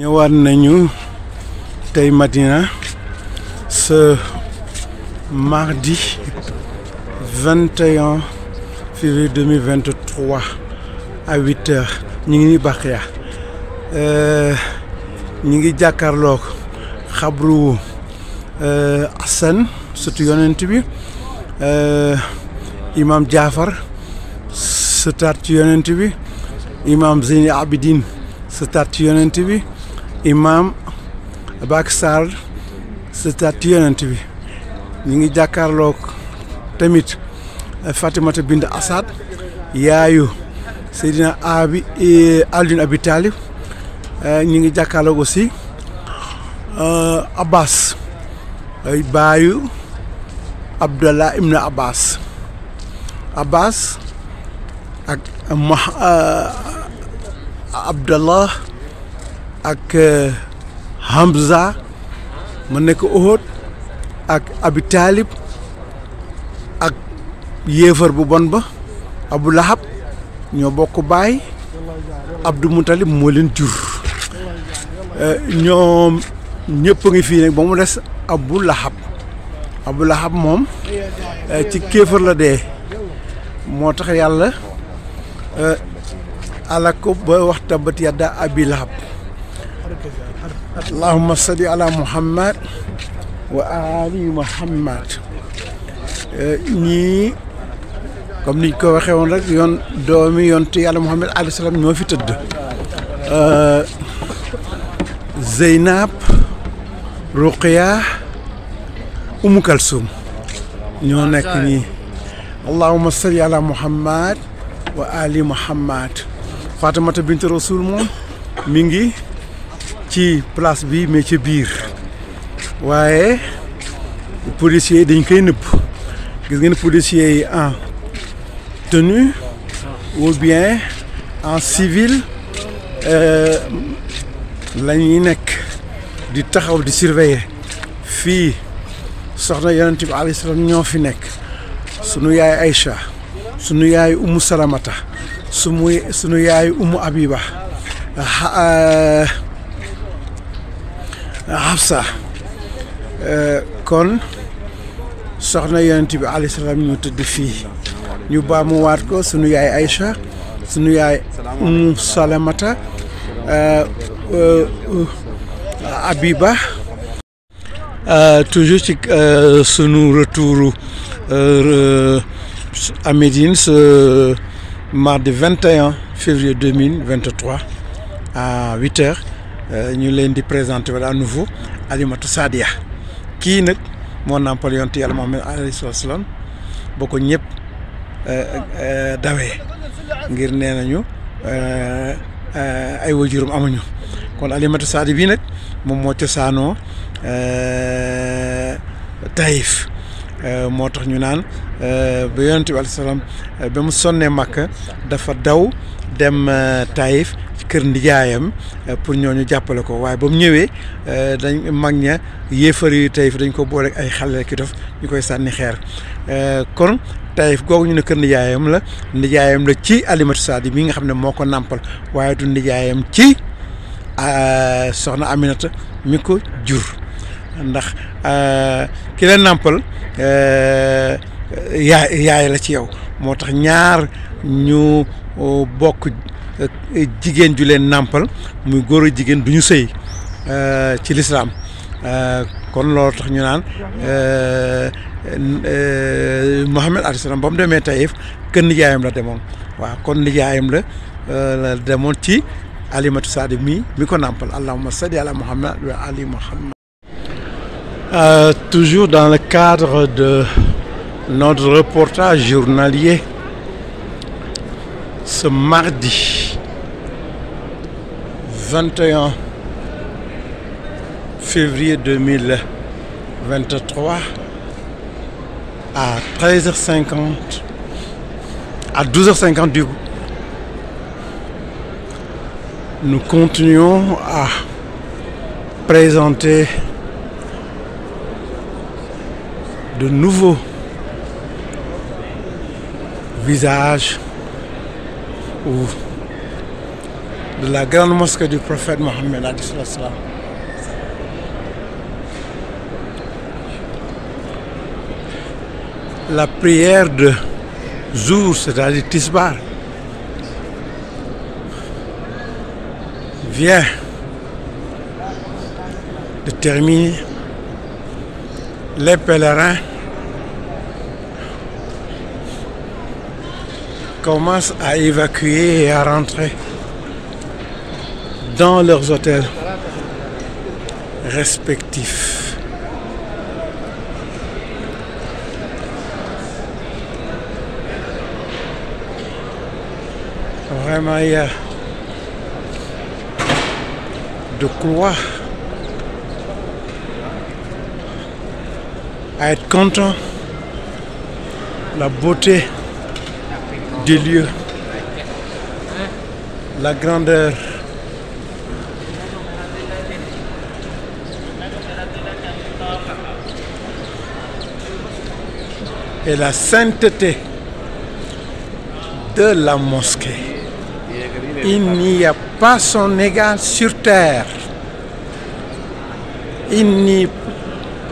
ñëwaat nañu tay matina ce mardi 21 février 2023 à 8 h ñi ngi ni euh ñi ngi khabru euh hasan sutu euh, yonent bi imam jafar sutat yonent bi imam Zaini Abidin sutat yonent bi imaam Ababacar Sall statu yonent bi ñu ngi jàkkaarloo tamit eh, Fatimata Bind Asad yaayu Seydina Abi eh, Alioune Abi Talib eh, ñu ngi jàkkaarloo aussi Abbas baayu Abdallah Ibn Abbas Abbas ak ak euh, Hamza ma nekk Uhud ak Abi Talib ak yéefar bu bon ba Abu Lahab ñoo bokk baay Abdou Moutalib moo leen jur euh, ñoom ñëpp ngi fii nag ba mu des Abu Lahab moom euh, ci kéefar la dee moo tax yàlla alako ba wax tabat yadda Abi اللهم صل على محمد وعلى محمد ني كوم ني كو يون دومي يونت تيالا محمد عليه السلام نوفيتد آه، زينب رقية ام كلثوم اللهم صل على محمد وعلى محمد فاطمه بنت رسول مون ميغي ci place bi mais ci biir waaye policier yi dañ koy nëbb gis policier yi en tenue ou bien en civil euh, la ñuy nekk di taxaw di surveiller fii soxna yonent bi alayhi salaam ñoo fi nekk sunu yaay Aïcha sunu yaay Umu Salamata sunu yaay Umu Abiba euh, Hafsa euh, kon soxna sunu yaay Aïcha umm Salamata euh, euh, Abiba toujours sunu retour à Médine ce mardi 21 février 2023 à 8 heures Euh, ñu leen di présenté wala à nouveau Alimatu Sadia kii nag moo nàmpal yonent yàlla Muhammad alayhi salaam ba ko ñëpp euh, euh, dawee ngir nee nañu ay wajurum amuñu kon Alimatu Sadia bii nag moom moo cosaanoo taif Euh, moo tax ñu naan euh, ba yonent bi alayhi salaam euh, ba mu sonnee Makka dafa daw dem Taïf kër ndijaayam pour ñu jàppale ko waaye ba mu ñëwee dañ mag ña yéefar yu dañ ko boole ay xale ki dof ñu koy sànni xeer kon Taïf googu ñu ne kër ndijaayam la ndijaayam la ci Alimatu Saadi mi nga xam ne moo ko nàmpal waaye du ndijaayam ci soxna Aminata mi ko jur ndax euh, ki nàmpal euh, yaay yaay la ci yow moo tax ñaar ñu euh, bokk jigéen ju leen nàmpal muy góor a jigéen du ñu sëy ci lislaam kon loolu tax ñu naan Muhammad alayhi salaam ba mu demee Taïf kën nijaayam la demoon waaw kon nijaayam la demoon ci alimatu saadi mi mi ko nàmpal allahumma salli ala muhammad wa ali muhammad Euh, toujours dans le cadre de notre reportage journalier, ce mardi 21 février 2023 à 13h50, à 12h50 du nous continuons à présenter de nouveaux visages ou de la grande mosquée du prophète Mohammed. La prière de Zour, c'est-à-dire Tisbar, vient de terminer les pèlerins commencent à évacuer et à rentrer dans leurs hôtels respectifs. Vraiment, il y a de quoi à être content la beauté des lieux, la grandeur. et la sainteté de la mosquée. Il n'y a pas son égal sur terre. Il n'y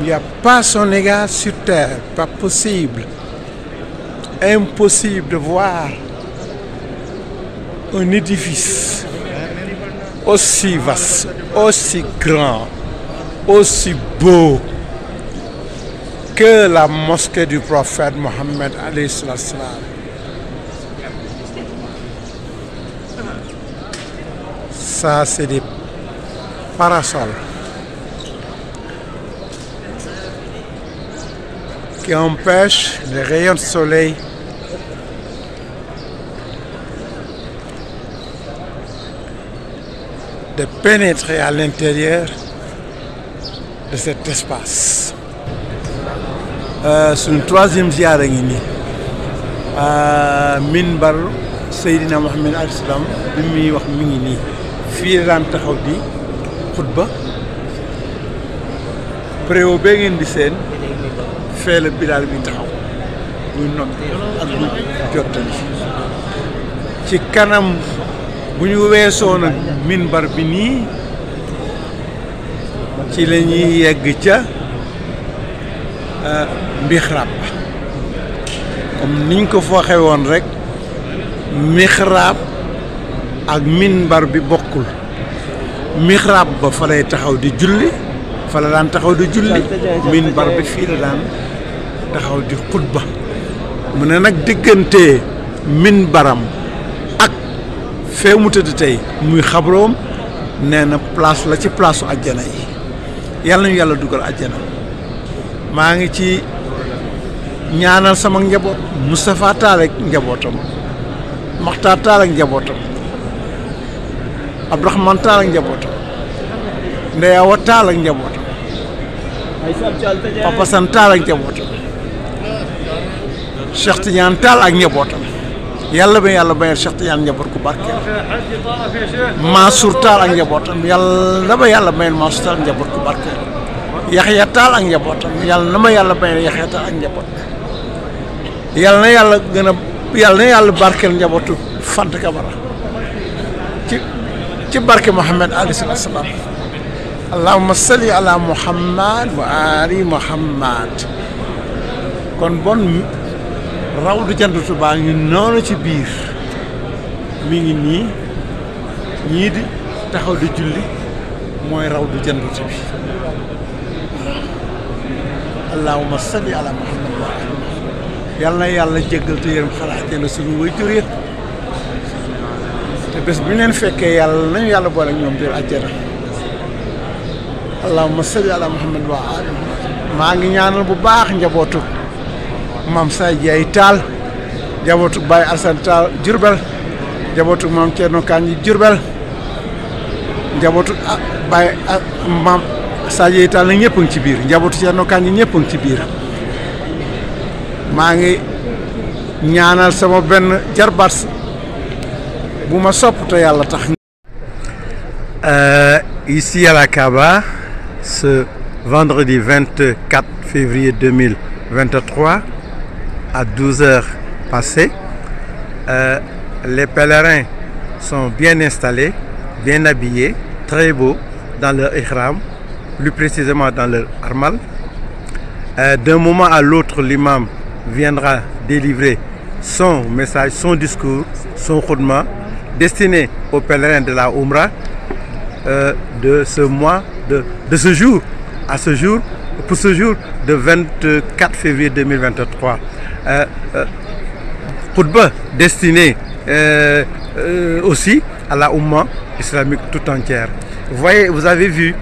il n'y a pas son égard sur terre, pas possible, impossible de voir un édifice aussi vaste, aussi grand, aussi beau que la mosquée du prophète Mohammed Ça, c'est des parasols. qui empêche les rayons de soleil. de pénétrer à l'intérieur de cet espace. Euh, sur une troisième ziyaara ngini. Euh, minbar sayyidina Muhammad al-salam bimi wax mi ngi nii fii daan taxaw di khutba. fele bilal bi taxaw muy not ak lu jottali ci kanam bu ñu weesoo minbar bi ni ci lañuy yegg ca euh mihrab am niñ ko foxe woon rek mihrab ak minbar bi bokul mihrab ba fa taxaw di julli fa la taxaw di julli minbar bi fi la dan taxaw di khutba mune nak digeunte min baram ak fewmu mu tay muy xabrom neena place la ci place aljana yi yalla ñu yalla dugal aljana ma ngi ci ñaanal sama njaboot Moustapha Tall ak njabootam Makhtar Tall ak njabootam Abdourahmane Tall ak njabotam Ndeyawa Tall ak Papa santal ak Cheikh Tidiane ak njabootam yàlla ba yàlla bayal Cheikh Tidiane njaboot ku barkeel Mansour Tall ak njabootam yàlla ba yàlla bayal Mansour Tall njaboot ku barkeel Yaxya Tall ak njabootam yàlla na ma yàlla bayal Yaxya Tall ak njaboot yàlla na yàlla gën a barkeel njabootu Fant Kabara ci ci barke Mouhamed alayhi salaam salli ala Mouhamed wa ali Mouhamed kon bon. rawdu jantu Tuubaa ngi noonu ci biir mi ngi nii ñii di taxaw di julli mooy rawdu jantu bi allahumma salli ala muhammad wa ala na yàlla jéggal te yërëm xalaatee na suñu waajur yëpp te bés bu ñu leen fekkee yàlla nañu yàlla boole ñoom biir àjjana allahumma salli ala muhammad wa maa ngi ñaanal bu baax njabootu mam Saye tal njabootu bay Assane tal jurbel njabootu mam cerno Kandji jurbel bay ah, ah, mam Saye Tall tal ñepp ngi ci biir njabootu cerno Kandji ñepp ngi ci biir ma ngi ñaanal sama ben jarbaat bu ma sopp te yalla tax. Euh, ici à la se, ce vendredi 24 février 2023, à 12 heures passées. Euh, les pèlerins sont bien installés, bien habillés, très beaux dans leur ihram, plus précisément dans leur armal. Euh, d'un moment à l'autre, l'imam viendra délivrer son message, son discours, son khudma destiné aux pèlerins de la Umrah euh, de ce mois, de ce jour à ce jour pour ce jour de 24 février 2023. Euh, euh, pour euh, destiné euh, aussi à la Oumma islamique tout entière. Vous voyez, vous avez vu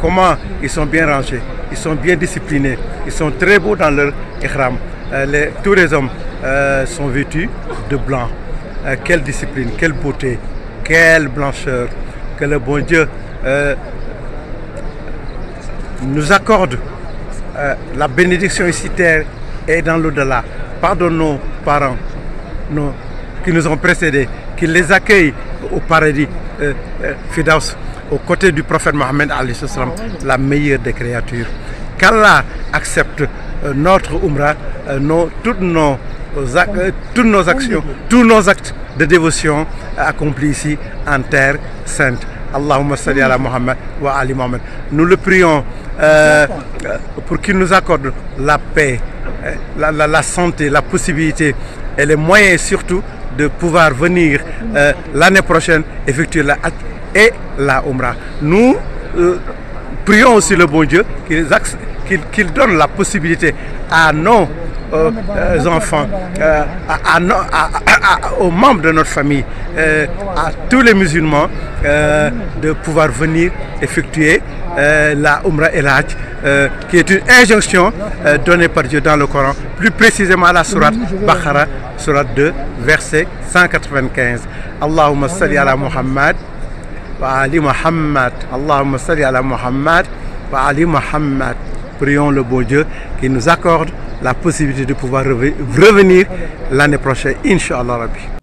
comment ils sont bien rangés, ils sont bien disciplinés, ils sont très beaux dans leur ihram. tous les hommes sont vêtus de blanc. quelle discipline, quelle beauté, quelle blancheur. Que le bon Dieu nous accorde euh, la bénédiction ici terre et dans l'au-delà. Pardonne nos parents nos, qui nous ont précédés, qui les accueillent au paradis euh, euh, fidèles aux côtés du prophète Mohammed, la meilleure des créatures. Qu'Allah accepte notre Umrah, nos, toutes nos toutes nos actions, tous nos actes de dévotion accomplis ici en terre sainte. Allahumma salli ala Muhammad wa ali Nous le prions euh, pour qu'il nous accorde la paix, la, santé, la possibilité et les moyens surtout de pouvoir venir euh, l'année prochaine effectuer la et la Omra. Nous euh, prions aussi le bon Dieu qu'il donne la possibilité à nos enfants, à, aux membres de notre famille, à tous les musulmans de pouvoir venir effectuer euh, la Umrah El euh, qui est une injonction euh, donnée par Dieu dans le Coran, plus précisément à la surat Bakhara, sourate 2, verset 195. Allahumma salli ala Muhammad wa ali Muhammad. Allahumma salli ala Muhammad wa ali Muhammad. Prions le beau Dieu qui nous accorde la possibilité de pouvoir revenir l'année prochaine, Inch'Allah Rabbi.